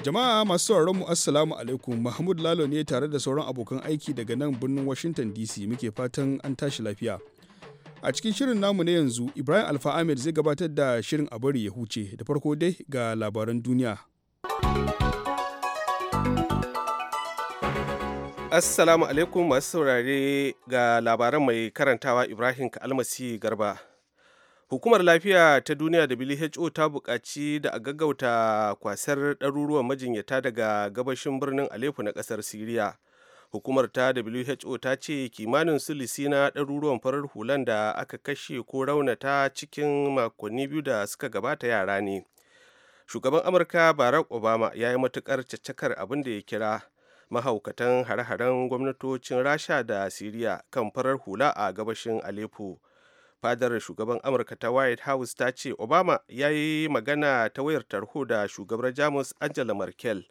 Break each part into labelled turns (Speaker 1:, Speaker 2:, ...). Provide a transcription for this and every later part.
Speaker 1: Jama'a masu sauraron mu Assalamu alaikum Mahmud Lalo ne tare da sauran abokan aiki daga nan birnin Washington DC muke fatan an tashi lafiya. A cikin shirin namu na yanzu Ibrahim Alfa Ahmed zai gabatar da shirin a bari ya huce da farko dai ga labaran duniya.
Speaker 2: Assalamu alaikum masu saurare ga labaran mai karantawa Ibrahim Kalmasi Garba. Hukumar Lafiya ta Duniya WHO ta buƙaci da a gaggauta kwasar ɗaruruwan majinyata daga gabashin birnin Aleppo na ƙasar Siriya. Hukumar ta WHO ta ce kimanin sulisi na ɗaruruwan farar hulan da aka kashe ko raunata cikin makonni biyu da suka gabata yara ne. Shugaban Amurka Barack Obama ya yi matuƙar caccakar abin da ya kira mahaukatan hare-haren gwamnatocin Rasha da Siriya kan farar hula a gabashin Aleppo. fadar shugaban amurka ta white house ta ce obama ya yi magana ta wayar tarho da shugabar jamus angela merkel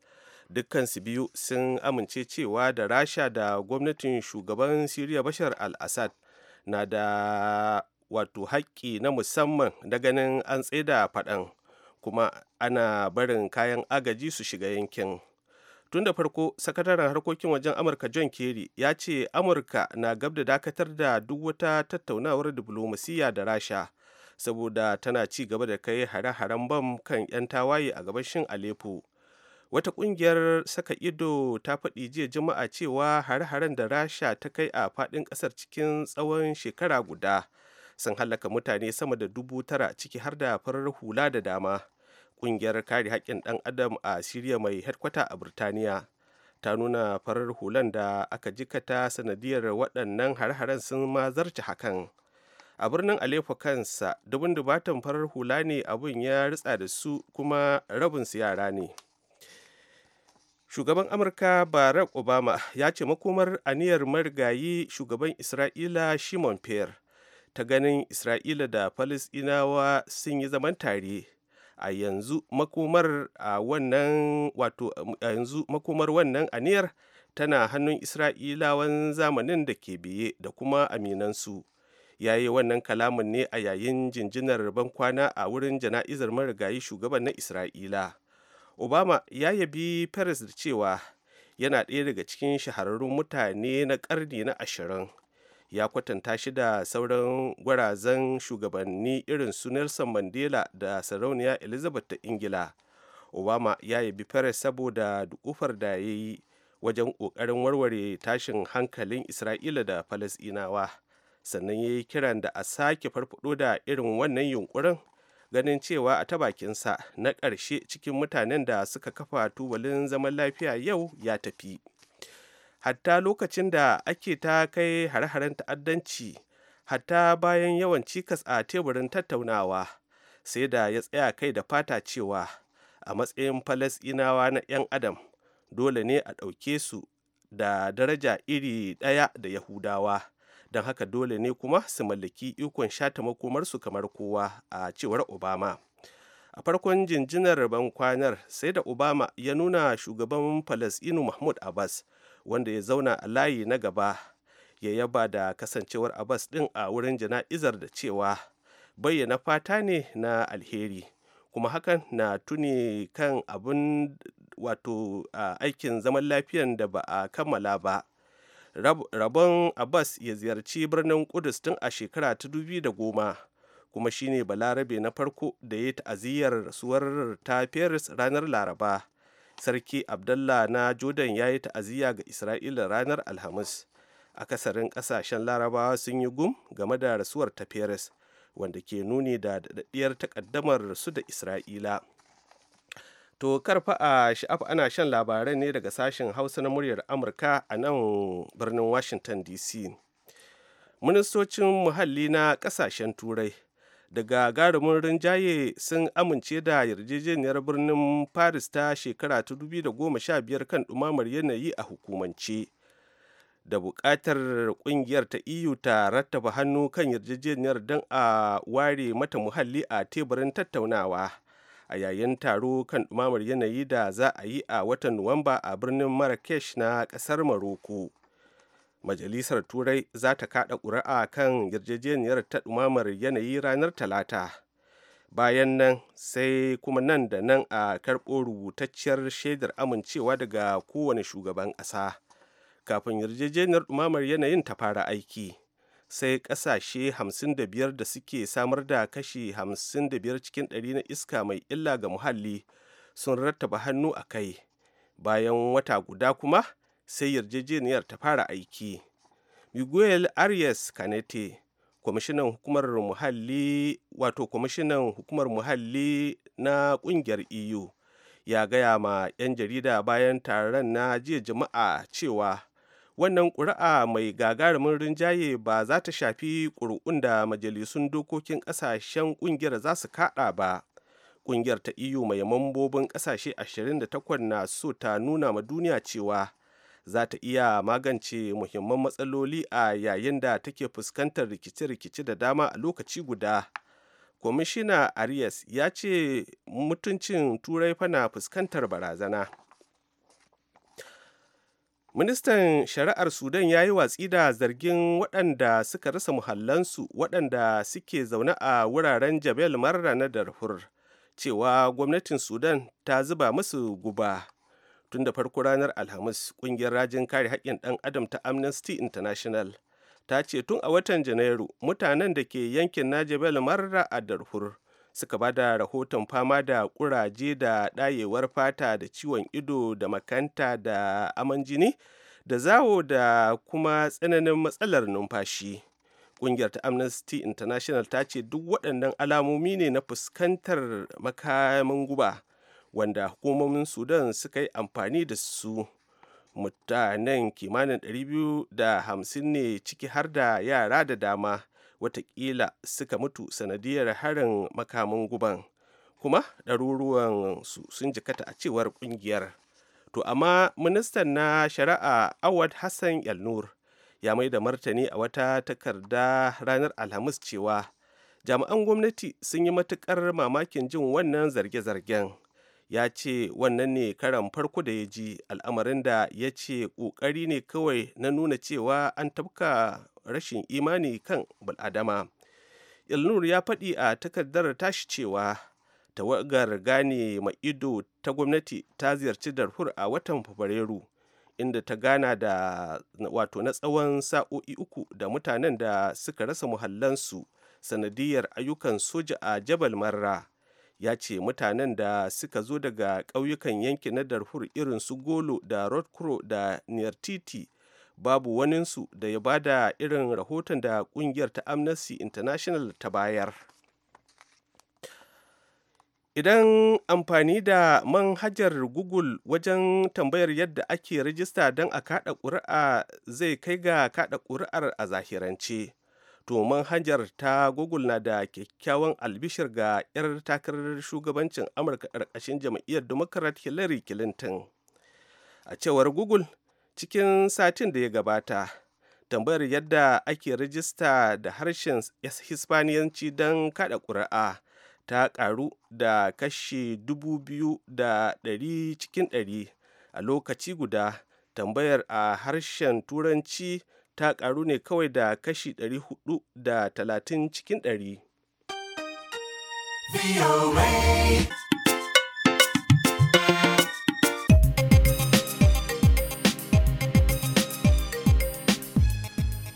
Speaker 2: dukkansu biyu sun amince cewa da rasha da gwamnatin shugaban syria bashar al-assad na da wato haƙƙi na musamman da ganin an tsaida faɗan kuma ana barin kayan agaji su shiga yankin tun da farko sakataren harkokin wajen amurka john kerry ya ce amurka na gab da dakatar da duk wata tattaunawar diflomasiyya da rasha saboda tana ci gaba da kai hare-haren bam kan 'yan tawaye a gabashin aleppo wata kungiyar saka ido ta faɗi jiya juma'a cewa hare-haren da rasha ta kai a faɗin ƙasar cikin tsawon shekara guda sun hallaka mutane sama da dubu tara ciki har da farar hula da dama kungiyar kare haƙƙin ɗan adam a siriya mai headkwata a birtaniya ta nuna farar hulan da aka jikata sanadiyar waɗannan har-haren sun ma zarce hakan a birnin alefa kansa dubin dubatan farar hula ne abin ya ritsa da su kuma rabin su yara ne shugaban amurka barack obama ya ce makomar aniyar marigayi shugaban isra'ila shimon pierre ta ganin isra'ila da falisdinawa sun yi zaman tare a yanzu makomar a wannan wato um, a yanzu makomar wannan aniyar tana hannun isra'ilawan zamanin da ke biye da kuma aminansu ya yi wannan kalamin ne a yayin jinjinar bankwana a wurin jana'izar marigayi shugaban na isra'ila obama ya yabi paris da cewa yana ɗaya daga cikin shahararrun mutane na ƙarni na ashirin ya kwatanta shi da sauran gwarazan shugabanni irin su nelson mandela da sarauniya elizabeth ta ingila obama ya yi bi perez saboda dukufar da ya yi wajen ƙoƙarin warware tashin hankalin isra'ila da falasinawa sannan ya yi kiran da a sake farfado da irin wannan yunkurin ganin cewa a ta na ƙarshe cikin mutanen da suka kafa tubalin zaman lafiya yau ya tafi hatta lokacin da ake ta kai hare-haren ta'addanci hatta bayan yawan cikas a teburin tattaunawa sai da ya tsaya kai da fata cewa a matsayin falasinawa na 'yan adam dole ne a ɗauke su da daraja iri ɗaya da yahudawa don haka dole ne kuma su mallaki ikon shata makomarsu kamar kowa a cewar obama a farkon jinjinar ban kwanar, sai da obama ya nuna shugaban falasinu mahmud abbas wanda ya zauna a layi na gaba ya yaba da kasancewar abbas din a wurin jana'izar da cewa bayyana fata ne na alheri kuma hakan na tuni kan abin wato aikin zaman lafiyan da ba a kammala ba rabon abbas ya ziyarci birnin kudus tun a shekara ta da goma kuma shine balarabe na farko da ya ta'aziyyar suwar ta paris ranar laraba sarki abdallah na jordan ya yi ta'aziyya ga isra'ila ranar alhamis akasarin kasashen larabawa sun yi gum game da rasuwar ta peres wanda ke nuni da daɗaɗɗiyar takaddamar su da isra'ila to karfa a sha'af ana shan labarai ne daga sashen hausa na muryar amurka a nan birnin washington dc ministocin muhalli na kasashen turai Daga garumin rinjaye sun amince da yarjejeniyar birnin paris ta shekara ta 2015 kan dumamar yanayi a hukumance da buƙatar ƙungiyar ta eu ta rattaba hannu kan yarjejeniyar don a ware mata muhalli a teburin tattaunawa a yayin taro kan ɗumamar yanayi da za a yi a watan nuwamba a birnin marrakesh na ƙasar maroko majalisar turai za ta kada ƙuri'a kan yarjejeniyar ta ɗumamar yanayi ranar talata bayan nan sai kuma nan da nan a karɓo rubutacciyar shaidar amincewa daga kowane shugaban ƙasa kafin yarjejeniyar ɗumamar yanayin ta fara aiki sai ƙasashe 55 da suke samar da kashi 55 cikin ɗari na iska mai illa ga muhalli sun rattaba hannu a kai bayan wata guda kuma sai yarjejeniyar ta fara aiki miguel arias canete kwamishinan hukumar muhalli wato kwamishinan hukumar muhalli na kungiyar eu ya gaya ma 'yan jarida bayan taron na jiya jama'a cewa wannan ƙuri'a mai gagarumin rinjaye ba za ta shafi ƙuri'un da majalisun dokokin ƙasashen ƙungiyar za su kaɗa ba ƙungiyar ta eu mai mambobin ƙasashe 28 na so ta nuna ma duniya cewa za ta iya magance muhimman matsaloli a yayin da take fuskantar rikice-rikice da dama a lokaci guda kwamishina arias ya ce mutuncin turai fana fuskantar barazana ministan shari'ar sudan ya yi watsi da zargin waɗanda suka rasa muhallansu waɗanda suke zaune a wuraren jabel marra na darfur cewa gwamnatin sudan ta zuba musu guba tun da farko ranar alhamis kungiyar rajin kare haƙƙin ɗan adam ta amnesty international ta ce tun a watan janairu mutanen da ke yankin najibel marra a darfur suka ba da rahoton fama da ƙuraje da ɗayewar fata da ciwon ido da makanta da aman jini da zawo da kuma tsananin matsalar numfashi ƙungiyar ta amnesty international ta ce duk waɗannan alamomi ne na fuskantar makamin guba wanda hukumomin sudan suka yi amfani da su mutanen kimanin 250 ne ciki har da yara da dama watakila suka mutu sanadiyar harin makamin guban kuma ɗaruruwan su sun jikata a cewar ƙungiyar to amma ministan na shari'a awad hassan yalnur ya mai da martani a wata takarda ranar alhamis cewa jami'an gwamnati sun yi matuƙar mamakin jin wannan zarge-zargen ya ce wannan ne karan farko da ya ji al'amarin da ya ce ƙoƙari ne kawai na nuna cewa an tafka rashin imani kan bal'adama ilnur ya faɗi a takardar tashi cewa tawagar gane ma'ido ta gwamnati ta ziyarci darfur a watan fabrairu inda ta gana da wato na tsawon sa'o'i uku da mutanen da suka rasa muhallansu sanadiyar ayyukan soja a jabal marra ya ce mutanen da suka zo daga ƙauyukan yanki na darfur irin su golo da rotkro da niyartiti babu waninsu da ya ba da irin rahoton da ƙungiyar ta amnesty international ta bayar idan amfani da manhajar google wajen tambayar yadda ake rajista don a kada ƙuri'a zai kai ga kada ƙuri'ar a zahirance to manhajar ta google na da kyakkyawan albishir ga 'yar takarar shugabancin amurka ƙarƙashin jam'iyyar democrat hillary clinton a cewar google cikin satin da ya gabata tambayar yadda ake rijista da harshen hispaniyanci don kada ƙuri'a ta karu da kashe ɗari cikin ɗari a lokaci guda tambayar a harshen turanci ta karu ne kawai da kashi 430 cikin 100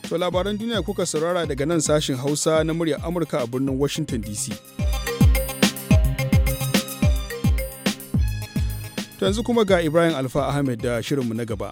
Speaker 1: To labaran duniya kuka saurara daga nan sashin Hausa na muryar Amurka a birnin Washington DC. yanzu kuma ga Ibrahim Alfa Ahmed da shirinmu na gaba.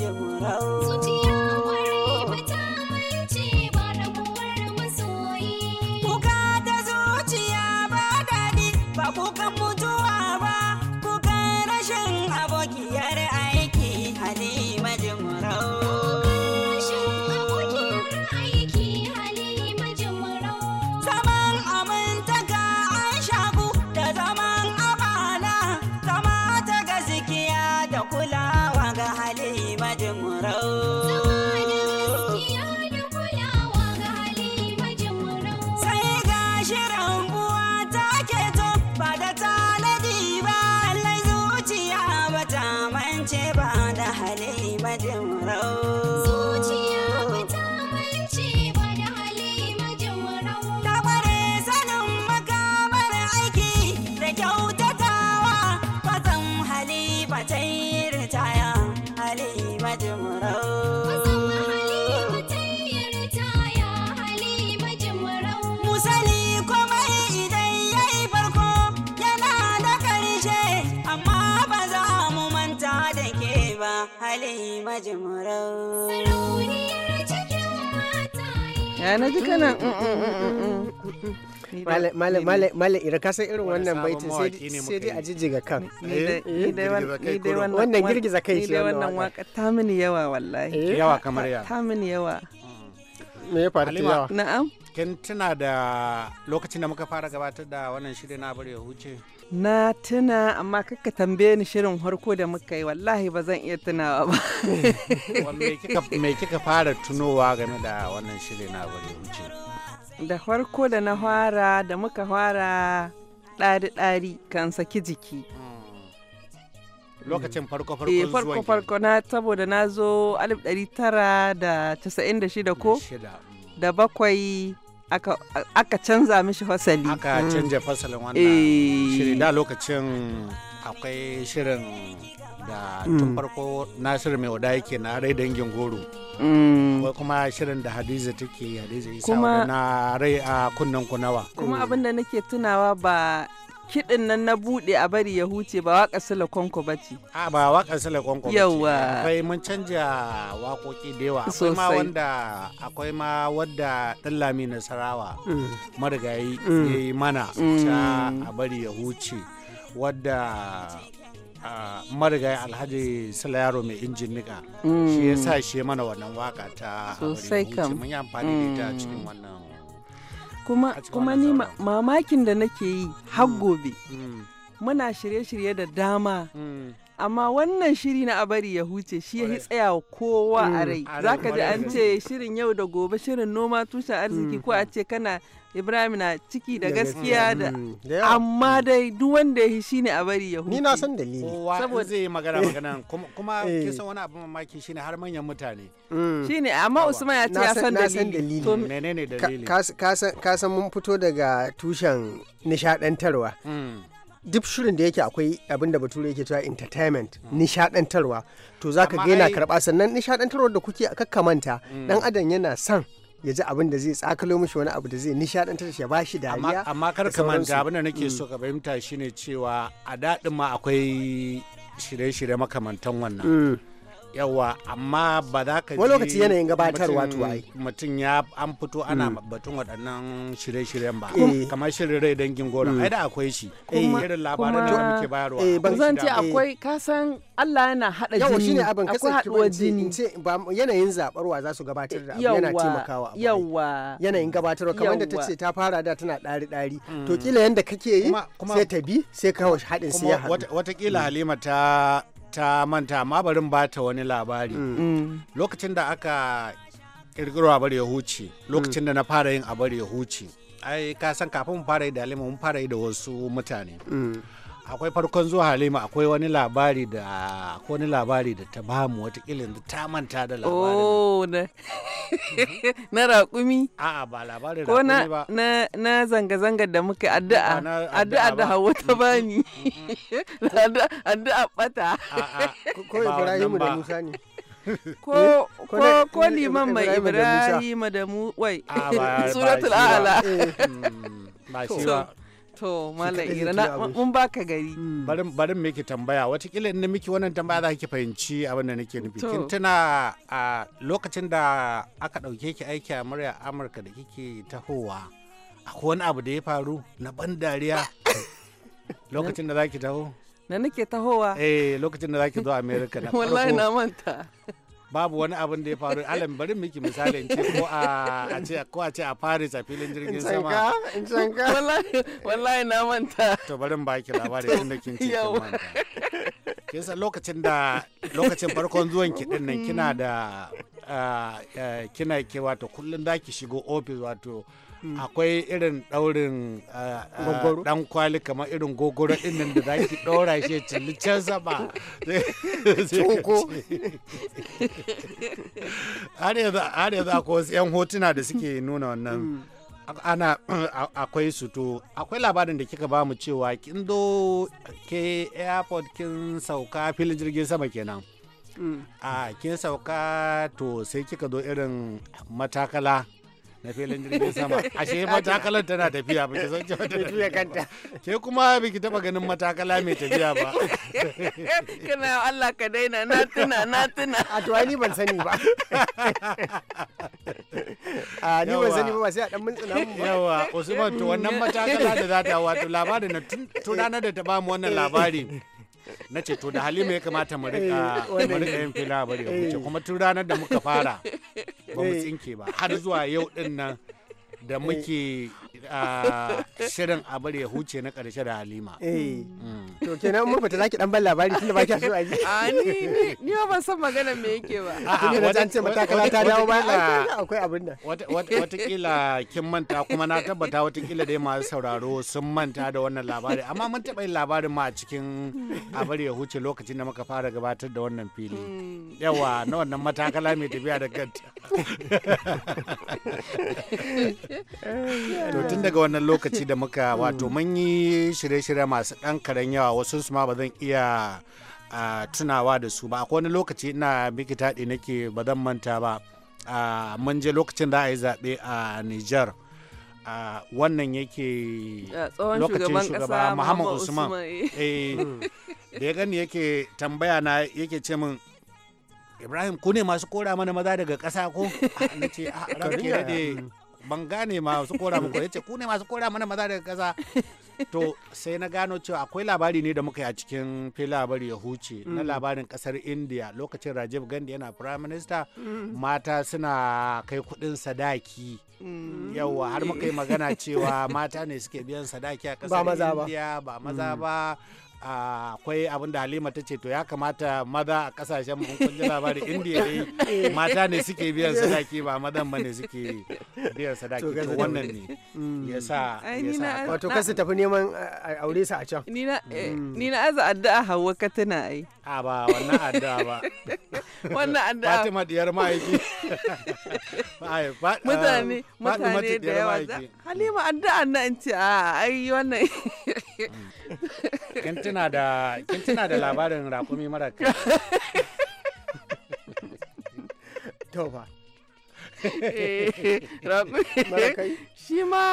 Speaker 3: ke burau yamrau oh.
Speaker 4: na ji kana mm, mm, mm, mala ira ka san irin wannan baiti sai dai a jijjiga kan eh, wannan girgiza kai yawa wannan waka ta mini yawa wallahi eh? yawa kamar yawa
Speaker 5: ta mini yawa
Speaker 4: me ya faru yawa
Speaker 6: na'am kin tuna da lokacin da muka fara gabatar da wannan shirin na bari ya huce
Speaker 5: na tuna amma kaka tambaye ni shirin harko da muka yi wallahi ba zan iya tunawa ba
Speaker 6: me kika fara tunowa game da wannan shirin na bari wuce
Speaker 5: da harko da na fara da muka fara ɗari-ɗari kan saki
Speaker 4: jiki hmm. lokacin farko farko zuwa farko farko
Speaker 5: na saboda na zo 1996 ko da hmm. bakwai aka
Speaker 6: canza mishi fasali aka mm. canja fasalin
Speaker 5: wannan eh. shirin
Speaker 6: da lokacin akwai shirin da tun mm. farko nasiru mai wada yake na rai dangin goro mm. akwai kuma shirin da hadiza take hadiza isa na rai a kunnen kunawa kuma
Speaker 5: abinda nake tunawa ba kiɗin nan na buɗe a bari ya huce ba waƙa sila
Speaker 6: konko ba ce.
Speaker 5: A ba waƙa sila
Speaker 6: konko ba ce. Yawa. Akwai mun canja waƙoƙi da yawa. Akwai ma wanda akwai ma wadda Ɗallami Nasarawa mm. marigayi mm. ya yi mana ta mm. a bari ya huce wadda marigayi alhaji yaro mai injin nika shi ya sa shi mana wannan waka ta sosai kam mun yi amfani da ita cikin wannan
Speaker 5: kuma kuma ni mamakin da nake yi har mm. gobe mm. muna shirye-shirye da dama mm. amma wannan shiri na abari ya huce shi ya tsaya wa kowa a rai zaka ji an ce shirin yau da gobe shirin noma tushen arziki ko a ce kana Ibrahim na ciki da gaskiya da mm, amma dai duk wanda ya shi ne
Speaker 4: a bari ya huce. Ni na san dalili. Saboda zai magana eh. magana kuma eh. kisan
Speaker 6: wani abu mamaki shi ne har manyan mutane.
Speaker 4: Mm. ne amma Usman ya ce ya san dalili. dalili.
Speaker 6: menene dalili?
Speaker 4: Ka san mun fito daga tushen nishadantarwa. Mm. duk shirin da yake akwai abinda bature yake cewa entertainment nishadantarwa to zaka ga yana karba sannan nishadantarwa da kuke kakkamanta dan adam yana san. ya ji abin da zai tsakalo mishi wani abu da zai nishadantar shi ya ba shi dariya amma kar ka manta abin da nake mm. so
Speaker 6: ka fahimta shine cewa a daɗin ma akwai shirye-shirye makamantan wannan mm. yawa amma ba za ka wani lokaci yanayin gabatar wato ai mutum ya an fito ana mm. batun waɗannan shirye-shiryen ba eh. kamar shirin rai dangin goron ai mm. da akwai shi eh. irin labaran da
Speaker 5: muke bayarwa eh, ban zan ce akwai
Speaker 4: kasan Allah yana hada jini yawa shine abin akwai haɗuwa jini ce ba yanayin zabarwa za su gabatar da yana taimakawa yawa yanayin gabatarwa kamar da ce ta fara da tana dari dari to mm. kila yanda kake yi sai ta bi sai kawo haɗin sai ya haɗu
Speaker 6: wata kila Halima ta ta manta amma barin bata wani labari mm. Mm. lokacin da aka kirkiro bari ya huce lokacin mm. da na fara yin bari ya huce ai ka san kafin mu fara yi da mun fara yi da wasu mutane akwai farkon zuwa halima akwai wani labari da akwai wani labari da ta bamu wata watakila da ta manta da labarin oh, na raƙumi a'a ba labarin raƙumi ba
Speaker 5: ko na zanga-zanga da muka addu'a addu'a da hawa ta bani addu'a bata ko ibrahimu da musa ne ko ko ko liman mai ibrahimu da mu wai suratul a'la ba shi ba to malam ira mun
Speaker 6: baka gari barin hmm. bari miki tambaya watakila inda miki wannan tambaya za ki fahimci abin da nake nufi kin tuna a lokacin da aka dauke ki aiki a murya amurka da kike tahowa akwai wani abu da ya faru na ban dariya lokacin da za ki taho na nake tahowa eh lokacin da za ki zo america na wallahi na manta babu wani abin da ya faru alam bari miki misalin ce ko a ce ko a ce a Paris a filin jirgin sama in canka wallahi wallahi na manta to bari in baki labari tun da kin ce kin manta kin lokacin da lokacin farkon zuwan ki din nan kina da kina ke wato kullum za ki shigo ofis wato akwai irin daurin dan kwali kamar irin gogoro dinnan da za ki daura shi cilli can sama har yanzu akwai wasu 'yan hotuna da suke nuna wannan ana akwai su to akwai labarin da kika bamu cewa kin do ke airport kin sauka filin jirgin sama kenan a kin sauka to sai kika zo irin matakala na filin jirgin sama ashe matakalar tana tafiya ba ki san ke tana tafiya kanta ke kuma ba ki taba ganin matakala mai tafiya ba
Speaker 4: kana Allah ka daina na tuna na tuna a to ni ban sani ba a ni ban sani ba sai a dan mun tsina mu yawa Usman to wannan matakala da za ta wato labarin na
Speaker 6: tunana da ta ba mu wannan labari na ce to da halima ya kamata mu rika eh, yin fila bari ya ce eh. kuma tun ranar da muka fara ba mu eh. tsinke ba har zuwa yau din nan da muke shirin a bari ya huce na karshe da halima eh.
Speaker 4: mm. to kenan mun fita zaki dan ban labari da ba ki so a ni ni ba san magana me yake ba a wajen ce matakala ta dawo bayan akwai abin da
Speaker 6: watakila kin manta kuma na tabbata watakila dai masu sauraro sun manta da wannan labari amma mun taba yin labarin ma a cikin a bari ya huce lokacin da muka fara gabatar da wannan fili hmm. yawa na wannan matakala mai tafiya da kanta to tun tun daga wannan lokaci da muka hmm. wato mun yi shirye-shirye masu ɗan karen yawa wasu su ma ba zan iya tunawa da su ba akwai wani lokaci ina miki taɗi nake ba zan manta ba mun je lokacin da a yi zaɓe a Nijar. wannan yake lokacin shugaba Muhammad Usman eh, da ya gani yake tambaya na yake ce min Ibrahim ku ne masu kora mana maza daga ƙasa ko ah, na ce a ah, ranke ban gane ma su kora muku yace ku ne masu kora mana maza daga kasa to sai na gano cewa akwai labari ne da muka yi a cikin fi labari ya huce mm. na labarin kasar india lokacin rajiv gandhi yana prime minister mm. mata suna kai kudin sadaki mm. yau har muka yi magana cewa mata ne suke biyan sadaki a kasar india ba maza ba akwai abin da halima ta ce to ya kamata maza a kasashen mun kunji labarin indiya ne mata ne suke biyan sadaki ba madan ba ne suke biyan sadaki to wannan ne mm. ya sa
Speaker 4: wato kasu tafi neman aure sa a can ni na eh, mm.
Speaker 5: aza addu'a hawa ka tuna ai a ba wannan addu'a ba wannan addu'a fatima
Speaker 6: diyar ma'aiki mutane ah, mutane da yawa
Speaker 5: halima addu'a na in ce a ah, ai wannan kin tuna
Speaker 6: da da labarin rakumi mara kai
Speaker 4: to ba eh,
Speaker 5: shi ma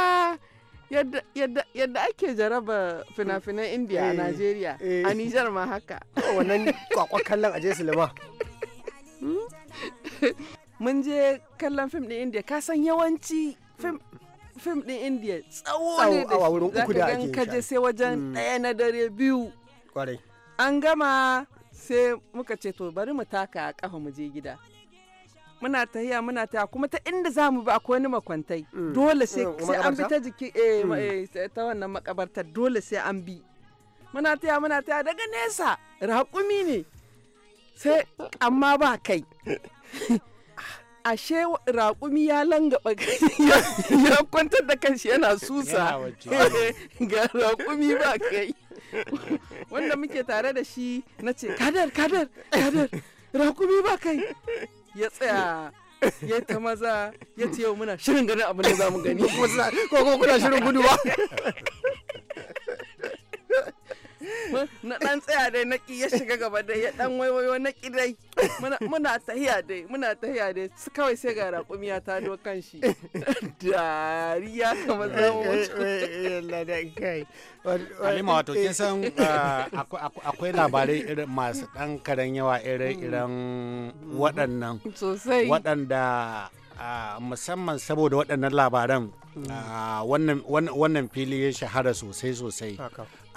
Speaker 5: yadda ake jaraba fina-finan india a eh, najeriya
Speaker 4: a eh. nijar ma haka oh, wannan kwakwa kallon aje silima hmm?
Speaker 5: mun je kallon fim ɗin indiya san yawanci fim film din indiya tsawo ne da wurin uku da ka je sai wajen mm. ɗaya na dare biyu an gama sai muka ce to bari mu taka a kafa mu je gida muna tahiya muna tahiya kuma ta inda za mu bi akwai wani makwantai mm. dole mm, sai an bi ta jiki eh, eh, ta wannan makabarta dole sai an bi muna tahiya muna tahiya daga nesa raƙumi ne sai amma ba kai ashe raƙumi ya langaba ya kwantar da kanshi yana susa ga raƙumi ba kai wanda muke tare da shi na ce kadar kadar kadar raƙumi ba kai ya tsaya ya ta maza ya ce yau muna shirin ganin abin da za mu gani ko kuna shirin gudu ba na dan tsaya dai na ki ya shiga gaba dai ya dan waiwayo na ki dai muna tahiya dai muna tahiya dai su kawai sai ga raƙumiya ta do kan shi dariya kuma
Speaker 4: za mu eh, eh, eh, wuce Halima wato kin san ah, akwai labarai
Speaker 6: irin masu dan karan yawa irin irin mm. waɗannan waɗanda musamman saboda waɗannan labaran mm. wannan fili ya shahara sosai-sosai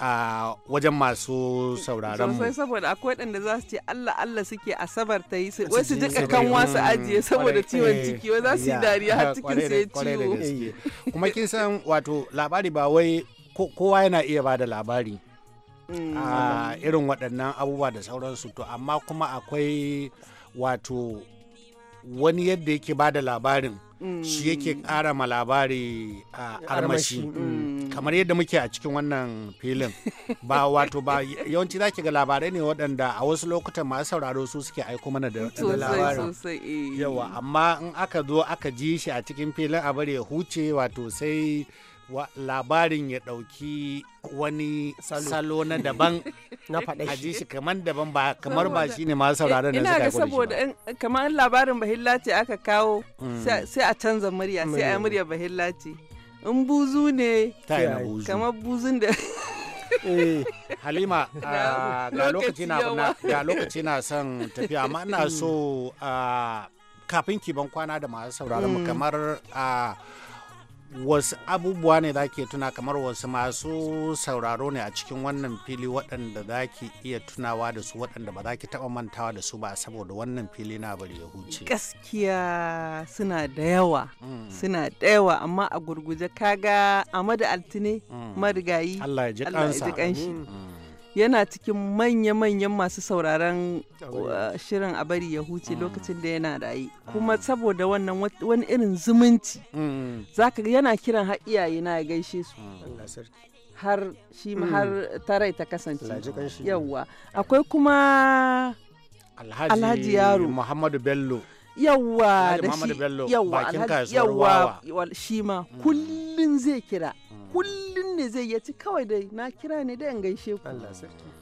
Speaker 6: a wajen masu sauraron mu. Sosai
Speaker 5: saboda akwai waɗanda za su ce Allah Allah suke asabar ta yi wai su jika kan wasu ajiye saboda ciwon ciki wai za su yi dariya har cikin sai ya ciwo.
Speaker 6: Kuma kin san wato labari ba wai kowa yana iya ba da labari.
Speaker 2: Mm. A
Speaker 6: irin waɗannan abubuwa da sauransu to amma kuma akwai wato wani yadda yake ba da labarin shi yake kara ma labari a armashi mm. kamar yadda muke a cikin wannan filin ba wato ba yawanci za ga labarai ne waɗanda a wasu lokutan masu sauraro su suke aiko mana da labarin eh. yawa amma in aka zo aka ji shi a cikin filin a bari ya huce wato sai Wa labarin ya ɗauki wani salo na daban na faɗa shi shi kamar daban ba kamar ba shi ne masu sauraron da suka ina ga saboda
Speaker 5: kamar labarin bahilla ce aka kawo mm. sai a canza murya sai a murya bahilla ce
Speaker 6: in buzu ne kamar buzun da eh, halima ah, ga lokaci na lokaci na son tafiya amma ina mm. so ah, kafin ki ban kwana da masu sauraron mm. kamar a ah, wasu abubuwa ne da ke tuna kamar wasu masu sauraro ne a cikin wannan fili waɗanda za ki iya tunawa da su waɗanda ba za ki taɓa mantawa da su ba saboda wannan fili na bari ya huce
Speaker 5: gaskiya suna da yawa mm. suna da yawa amma a gurguje kaga amadu altine mm. marigayi allah ya ji kansa yana cikin manya-manyan masu sauraron uh, shirin a bari ya huce mm. lokacin da yana raye mm. kuma saboda wannan wani irin zumunci mm, zaka yana kiran har iyaye na ya gaishe su har shi har tarai ta kasance yawwa akwai kuma
Speaker 6: alhaji yaro muhammadu bello
Speaker 5: yawwa da shi yawwa yawwa shi ma kullum zai kira kullum ne zai ya ci kawai da na kira ne da in gaishe ku Allah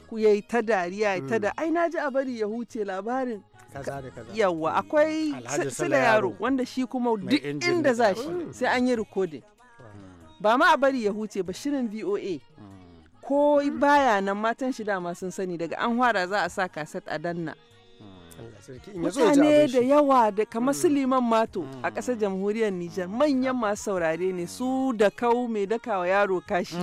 Speaker 5: ku yayi ta dariya ta hmm. da ai na ji a bari ya huce labarin yawa akwai sila yaro wanda shi kuma duk inda za shi sai an yi rikodin hmm. ba ma a bari ya huce ba shirin VOA hmm. ko baya nan matan shi dama sun sani daga an hwara za a sa kaset a danna
Speaker 4: mutane da
Speaker 5: yawa da kamar su mm. mato a mm. ƙasar jamhuriyar nijar mm. manyan masu saurare ne su da kau mai dakawa yaro kashi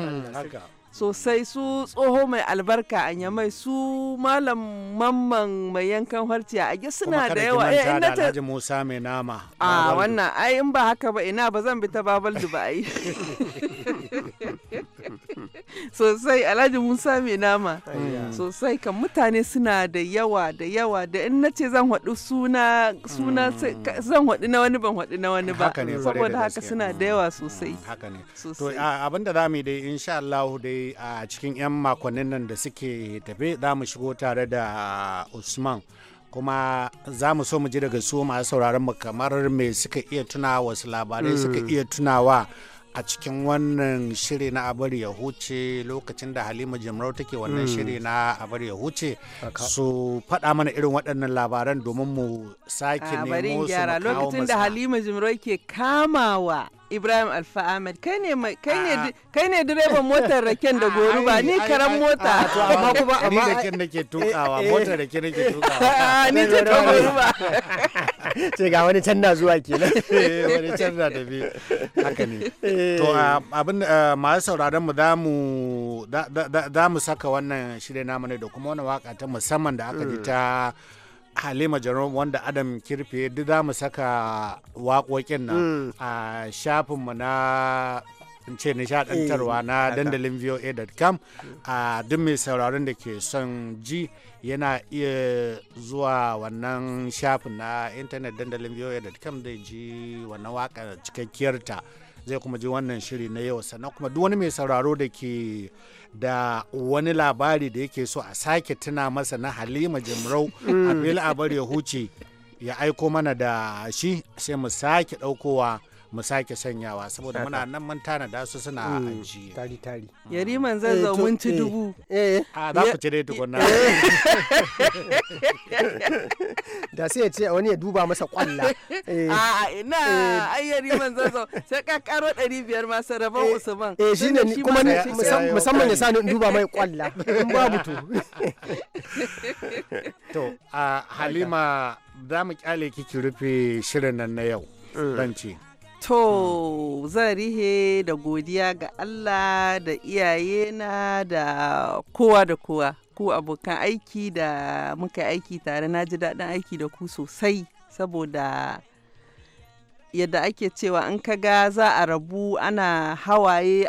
Speaker 5: sosai su tsoho mai albarka a nyamai su malam mamman mai yankan harciya a suna da yawa eh in na ta
Speaker 6: Musa mai nama a wannan
Speaker 5: ai in ba haka ba ina ba zan bi ta babal ba sosai alhaji musa mai nama mm. sosai kan mutane suna da yawa da yawa da in na ce zan haɗu suna
Speaker 6: suna mm. zan haɗu na wani ban haɗu na wani ba saboda haka suna da mm. yawa sosai haka ne to abin da zamu dai insha Allah dai a cikin yan makonnin nan da suke tafe za mu shigo tare da Usman kuma za mu so mu ji daga su masu sauraron mu kamar me suka iya tuna wasu labarai suka iya tunawa a cikin wannan shiri na abar ya huce lokacin da halima jimrau take wannan shiri hmm. na abar ya huce su faɗa mana irin waɗannan labaran domin mu sake nemo su kawo lokacin da
Speaker 5: halima jimrau ke kamawa Ibrahim Alfa Ahmed kai ne kai ne direban motar raken da gori ba ni karan mota amma kuma
Speaker 6: amma raken nake eh, tukawa eh. motar raken nake tukawa
Speaker 1: ni ce ta gori ba
Speaker 4: ce ga wani can na zuwa kenan eh, wani can
Speaker 6: na bi haka ne to ah, abin masu sauraron mu za mu za mu saka wannan shirin namu ne da kuma wani waka ta musamman da aka ji mm. ta halima jaron wanda adam kirfe duk za mu saka waƙoƙin nan mm. a shafinmu na ce nishaɗantarwa eh, na dandalin voa.com a duk mai sauraron da ke son ji yana iya zuwa wannan shafin na intanet dandalin voa.com da ji wannan waka cikakkiyarta. ta zai kuma ji wannan shiri na yau sannan kuma duk wani mai sauraro da ke da wani labari da yake so a sake tuna masa na halima jimrau mm. abel abar ya huce ya aiko mana da shi sai mu sake ɗaukowa mu sake sanyawa saboda muna nan mun da su suna mm, ajiye tari tari mm. yari man zan eh, zo mun ci eh, dubu
Speaker 4: eh a ah, za ku ci dai tukunna da sai ya ce wani ya duba masa kwalla a
Speaker 5: eh. ah, ah, ina ai yari man zan zo sai ɗari 500 ma
Speaker 4: sarrafa usman eh shine kuma musamman ya sa ni duba mai kwalla in babu to
Speaker 6: to a halima za mu kyale kiki rufe shirin nan na yau ranci mm.
Speaker 5: To zan rihe da godiya ga Allah da iyayena da
Speaker 6: kowa da kowa
Speaker 5: ku abokan aiki da muka aiki tare na ji daɗin aiki da ku sosai saboda yadda ake cewa an kaga za a rabu ana hawaye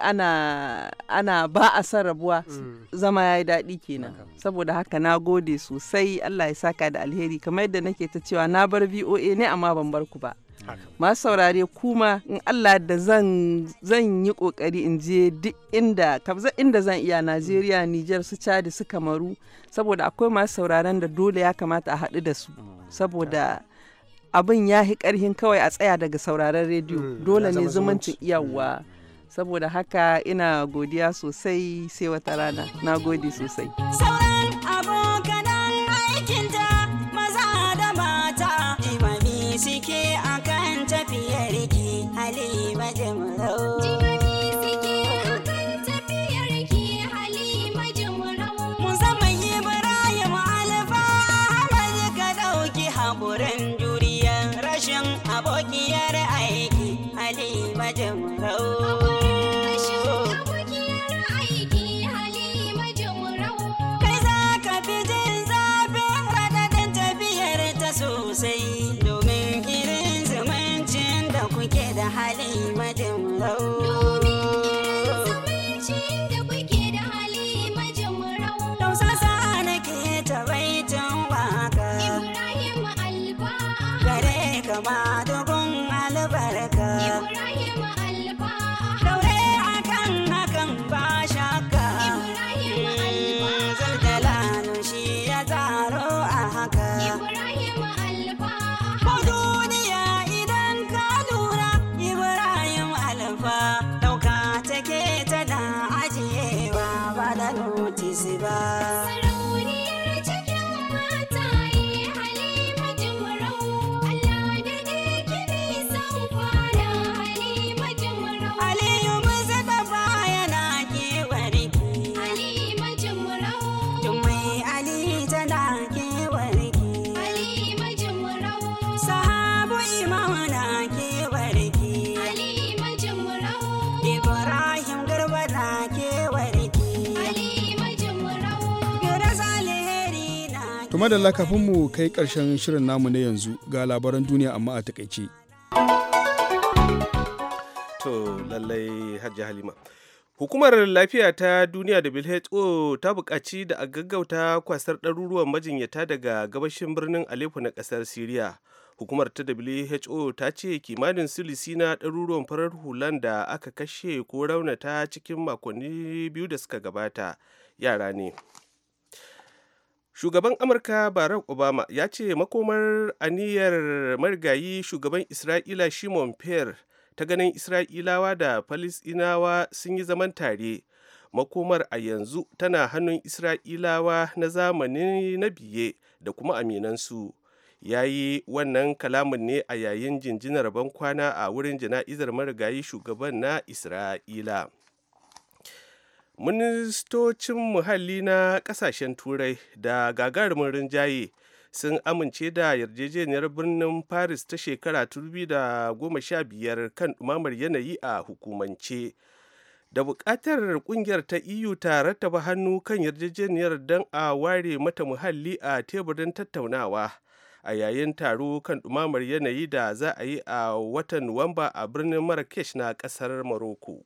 Speaker 5: ana, ba a san rabuwa mm. zama ya yi daɗi kenan saboda haka na gode sosai Allah ya saka da alheri kamar yadda nake ta cewa na bar VOA ne amma ban bar ku ba masu saurare kuma in Allah da zan yi kokari in je duk inda kabza inda zan iya Najeriya Niger su Chad su Kamaru saboda akwai masu sauraren da dole ya kamata a haɗu da su mm, saboda abin ya hi karhin kawai a tsaya daga sauraren rediyo mm, dole ne zumuncin iyawa mm. saboda haka ina godiya sosai sai wata rana na gode sosai.
Speaker 1: kuma da kafin mu kai karshen shirin namu na yanzu ga labaran duniya amma a takaice
Speaker 2: to lallai hajji halima hukumar lafiya ta duniya who ta buƙaci da a gaggauta kwasar ɗaruruwan majinyata daga gabashin birnin aleppo na ƙasar syria hukumar ta who ta ce kimanin silisi na ɗaruruwan farar hulan da aka kashe ko raunata cikin makonni biyu da suka gabata yara ne shugaban amurka barack obama ya ce makomar aniyar marigayi shugaban isra'ila shimon per ta ganin isra'ilawa da falisinawa sun yi zaman tare makomar a yanzu tana hannun isra'ilawa na zamani na biye da kuma aminansu ya yi wannan kalamin ne a yayin jinjinar bankwana a wurin jana'izar marigayi shugaban na isra'ila ministocin muhalli na kasashen turai da gagarumin rinjaye sun amince da yarjejeniyar birnin paris ta shekara 2015 kan ɗumamar yanayi a hukumance da buƙatar ƙungiyar ta eu ta rattaba hannu kan yarjejeniyar don a ware mata muhalli a teburin tattaunawa a yayin taro kan dumamar yanayi da za a yi a watan nuwamba a birnin marrakesh na ƙasar Maroko.